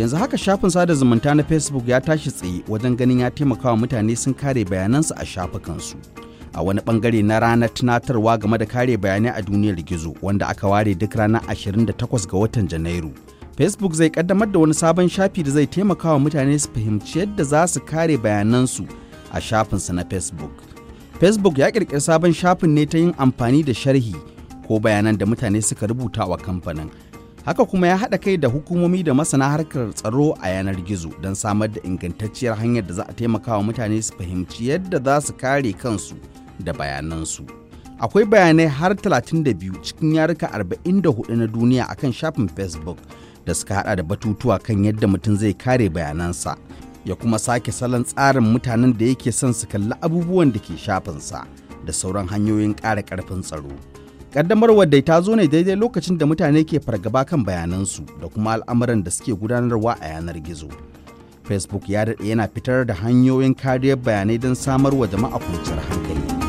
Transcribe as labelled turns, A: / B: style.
A: yanzu haka shafin sada zumunta na facebook ya tashi tsaye wajen ganin ya taimakawa mutane sun kare bayanansu a shafukansu a wani bangare na ranar tunatarwa game da kare bayanai a duniyar gizo wanda aka ware duk ranar 28 ga watan janairu facebook zai kaddamar da wani sabon shafi da zai taimakawa mutane su fahimci yadda za su kare bayanansu a shafinsa na facebook facebook ya kirkiri sabon shafin ne ta yin amfani da sharhi ko bayanan da mutane suka rubuta wa kamfanin haka kuma ya haɗa kai da hukumomi da masana harkar tsaro a yanar gizo don samar da ingantacciyar hanyar da za a taimaka wa mutane su fahimci yadda za su kare kansu da bayanansu akwai bayanai har 32 cikin yaruka 44 na duniya akan shafin facebook da suka hada da batutuwa kan yadda mutum zai kare bayanansa ya kuma sake salon tsarin mutanen da yake son su kalli abubuwan da ke shafinsa da sauran hanyoyin ƙara ƙarfin tsaro kaddamar dai ta zo ne daidai lokacin da mutane ke fargaba kan bayanansu da kuma al'amuran da suke gudanarwa a yanar gizo. Facebook ya daɗe yana fitar da hanyoyin kariyar bayanai don samarwa jama'a kwanciyar hankali.